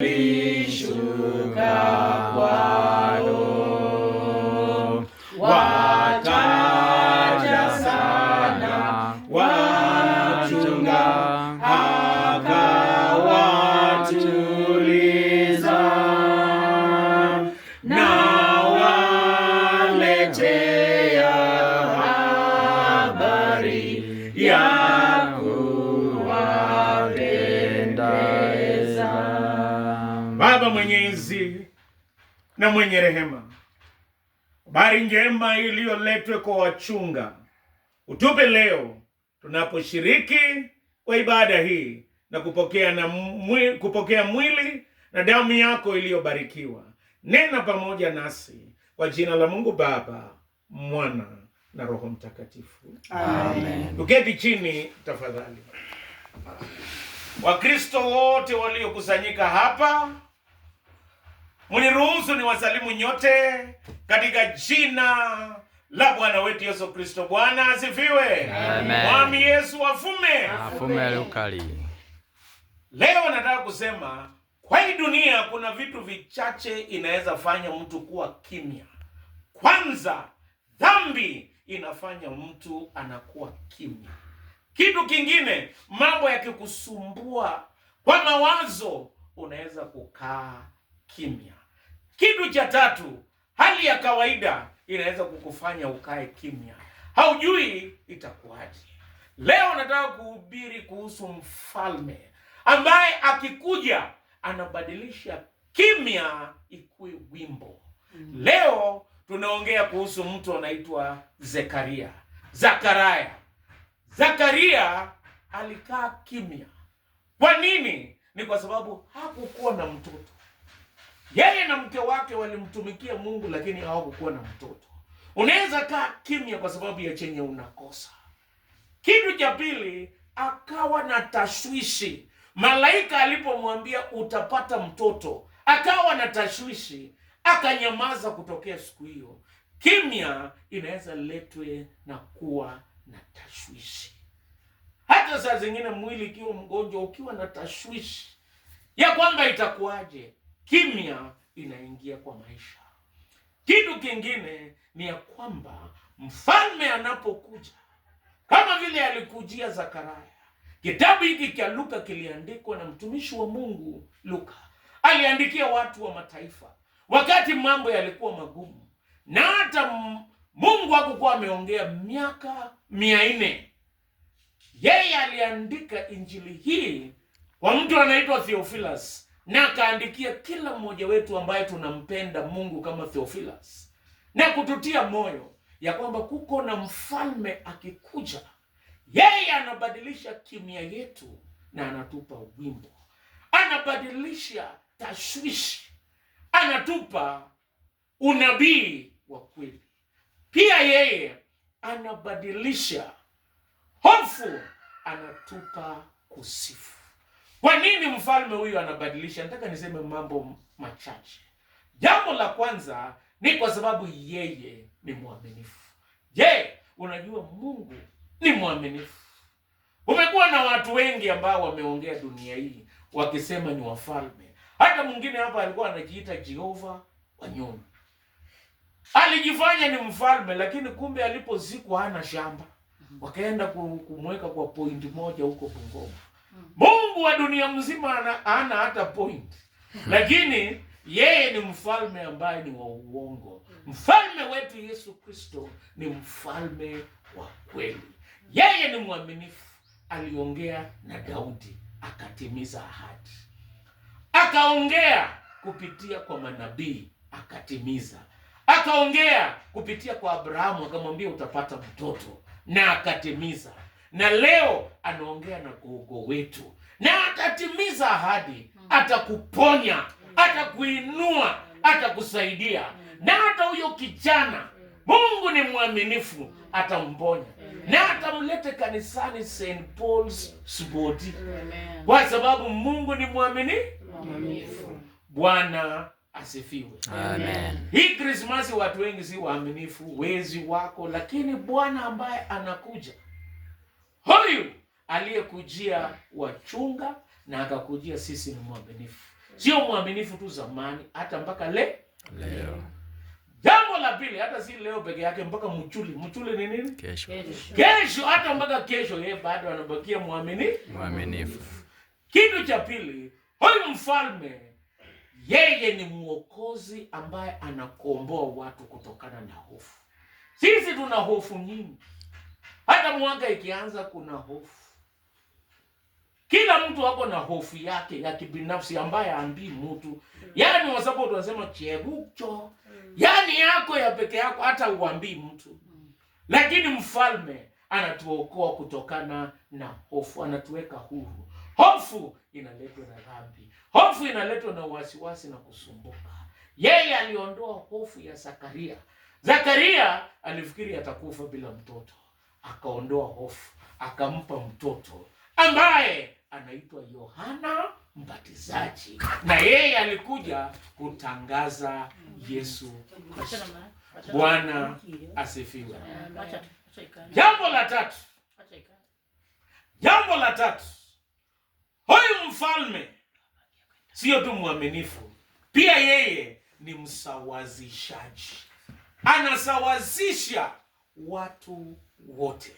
Vishuka. na mwenye rehema. Habari njema iliyoletwe kwa wachunga utupe leo tunaposhiriki kwa ibada hii na kupokea, na mwili, kupokea mwili na damu yako iliyobarikiwa. Nena pamoja nasi kwa jina la Mungu Baba, Mwana na Roho Mtakatifu, amen. Tuketi chini tafadhali. Wakristo wote waliokusanyika hapa mniruhusu ni wasalimu nyote katika jina la Bwana wetu Yesu Kristo. Bwana asifiwe. Amen. Mwami Yesu afume. Afume lukali. Leo nataka kusema kwa hii dunia kuna vitu vichache inaweza fanya mtu kuwa kimya. Kwanza, dhambi inafanya mtu anakuwa kimya. Kitu kingine, mambo yakikusumbua kwa mawazo, unaweza kukaa kimya. Kitu cha tatu, hali ya kawaida inaweza kukufanya ukae kimya, haujui itakuwaje. Leo nataka kuhubiri kuhusu mfalme ambaye akikuja anabadilisha kimya ikuwe wimbo. Mm. Leo tunaongea kuhusu mtu anaitwa Zekaria, Zakaraya. Zakaria alikaa kimya. Kwa nini? Ni kwa sababu hakukuwa na mtoto yeye na mke wake walimtumikia Mungu, lakini hawakukuwa na mtoto. Unaweza kaa kimya kwa sababu ya chenye unakosa. Kitu cha pili, akawa na tashwishi. Malaika alipomwambia utapata mtoto, akawa na tashwishi, akanyamaza. Kutokea siku hiyo, kimya inaweza letwe na kuwa na tashwishi. Hata saa zingine mwili ikiwa mgonjwa, ukiwa na tashwishi ya kwamba itakuwaje kimya inaingia kwa maisha. Kitu kingine ni ya kwamba mfalme anapokuja kama vile alikujia Zakaria. Kitabu hiki cha Luka kiliandikwa na mtumishi wa Mungu Luka, aliandikia watu wa mataifa wakati mambo yalikuwa magumu, na hata Mungu hakukuwa ameongea miaka mia nne. Yeye aliandika injili hii kwa mtu anaitwa Theophilus na akaandikia kila mmoja wetu ambaye tunampenda Mungu kama Theophilus na kututia moyo ya kwamba kuko na mfalme akikuja, yeye anabadilisha kimya yetu na anatupa wimbo, anabadilisha tashwishi, anatupa unabii wa kweli. Pia yeye anabadilisha hofu, anatupa kusifu. Kwa nini mfalme huyu anabadilisha? Nataka niseme mambo machache. Jambo la kwanza ni kwa sababu yeye ni mwaminifu. Je, unajua Mungu ni mwaminifu? Umekuwa na watu wengi ambao wameongea dunia hii wakisema ni wafalme. Hata mwingine hapa alikuwa anajiita Jehova nyuma alijifanya ni mfalme, lakini kumbe alipozikwa hana shamba, wakaenda kumweka kwa pointi moja huko Bungoma. Mm. Mungu wa dunia mzima ana, ana hata point, hmm. lakini yeye ni mfalme ambaye ni wa uongo. Hmm. Mfalme wetu Yesu Kristo ni mfalme wa kweli, yeye ni mwaminifu. Aliongea na Daudi akatimiza ahadi, akaongea kupitia kwa manabii akatimiza, akaongea kupitia kwa Abrahamu akamwambia utapata mtoto na akatimiza na leo anaongea na gogo wetu, na atatimiza ahadi, hmm. atakuponya, hmm. atakuinua, hmm. atakusaidia na hata huyo kijana Mungu ni mwaminifu, atamponya na atamlete kanisani St. Paul's sbodi kwa sababu Mungu ni mwaminifu. Bwana asifiwe. Amen. Hii Krismasi watu wengi si waaminifu, wezi wako, lakini Bwana ambaye anakuja aliyekujia wachunga na akakujia sisi ni mwaminifu, sio mwaminifu tu zamani, hata mpaka le leo. Jambo la pili, hata si leo peke yake, mpaka mchuli. Mchuli ni nini? Kesho, kesho, hata mpaka kesho yeye bado anabakia mwaminifu, mwaminifu. Kitu cha pili, huyu mfalme yeye ni mwokozi ambaye anakomboa watu kutokana na hofu. Sisi tuna hofu nyingi, hata mwaka ikianza kuna hofu kila mtu hapo na hofu yake ya kibinafsi ambaye aambii mtu yani, kwa sababu tunasema chegucho yani yako ya peke yako hata uambii mtu Lakini mfalme anatuokoa kutokana na hofu, anatuweka huru. Hofu inaletwa na dhambi, hofu inaletwa na wasiwasi na kusumbuka. Yeye aliondoa hofu ya Zakaria. Zakaria alifikiri atakufa bila mtoto, akaondoa hofu, akampa mtoto ambaye anaitwa Yohana Mbatizaji, na yeye alikuja kutangaza Yesu Kristo. Bwana asifiwe. Jambo la tatu, jambo la tatu, huyu mfalme sio tu mwaminifu, pia yeye ni msawazishaji, anasawazisha watu wote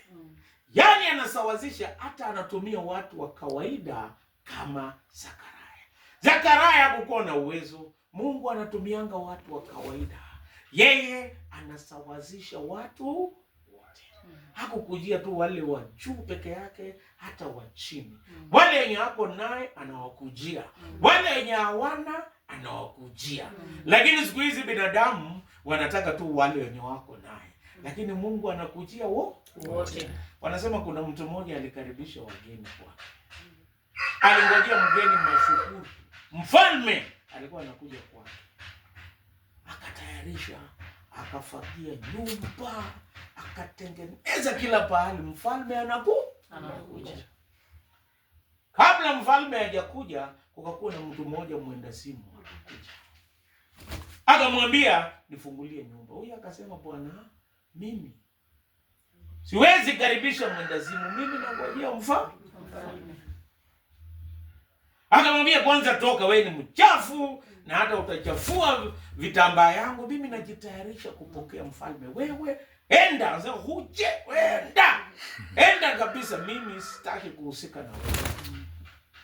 yani anasawazisha hata anatumia watu wa kawaida kama Zakaria. Zakaria hakukuwa na uwezo. Mungu anatumianga watu wa kawaida, yeye anasawazisha watu wote hakukujia tu wale wa juu peke yake, hata wa chini mm. wale wenye wako naye anawakujia mm. wale wenye hawana anawakujia mm. Lakini siku hizi binadamu wanataka tu wale wenye wako naye lakini Mungu anakujia wote. Wanasema kuna mtu mmoja alikaribisha wageni kwake, alingojea mgeni mashuhuri, mfalme alikuwa anakuja kwake, akatayarisha, akafagia nyumba, akatengeneza kila pahali, mfalme anaku anakuja. Kabla mfalme hajakuja, kukakuwa na mtu mmoja mwenda simu akakuja, akamwambia nifungulie nyumba. Huyu akasema bwana mimi siwezi karibisha mwendazimu, mimi nangojea mfalme. Akamwambia, kwanza toka, wewe ni mchafu na hata utachafua vitambaa yangu. Mimi najitayarisha kupokea mfalme, wewe enda. Anasema huje, enda enda kabisa, mimi sitaki kuhusika na wewe.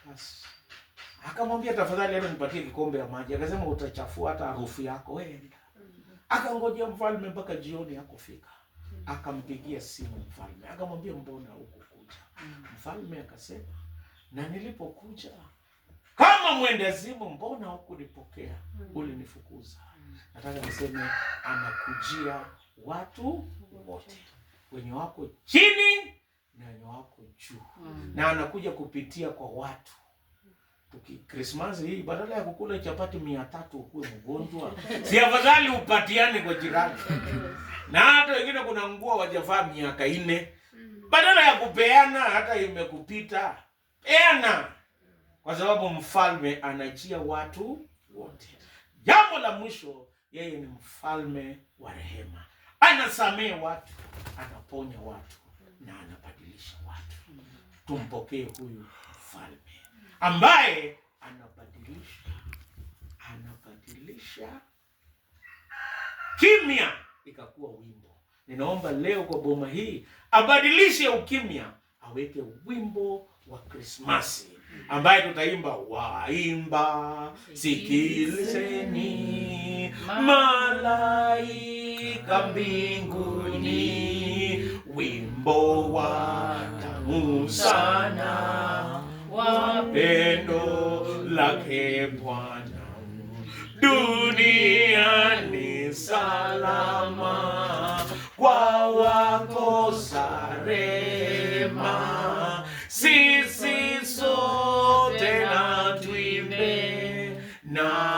Basi akamwambia, tafadhali hata nipatie kikombe ya maji. Akasema, utachafua hata harufu yako, wewe enda. Akangojea mfalme mpaka jioni akufika, akampigia simu mfalme, akamwambia mbona hukukuja? Mm. Mfalme akasema, na nilipokuja kama mwendazimu, mbona hukunipokea? Mm. Ulinifukuza. Mm. Nataka niseme anakujia watu wote, wenye wako chini na wenye wako juu, na anakuja kupitia kwa watu Christmas hii badala ya kukula chapati mia tatu ukuwe mgonjwa. Si afadhali upatiane kwa jirani. Na hata wengine kuna nguo wajavaa miaka nne. Mm. Badala ya kupeana hata imekupita. Peana. Kwa sababu mfalme anachia watu wote. Jambo la mwisho, yeye ni mfalme wa rehema. Anasamehe watu, anaponya watu na anabadilisha watu. Mm. Tumpokee huyu mfalme ambaye anabadilisha anabadilisha kimya ikakuwa wimbo. Ninaomba leo kwa boma hii abadilishe ukimya, aweke wimbo wa Krismasi ambaye tutaimba waimba, sikilizeni malaika mbinguni, wimbo wa tamu sana pendo lake Bwana ni salama kwa wakosa rehema. Sisi sote na tuimbe na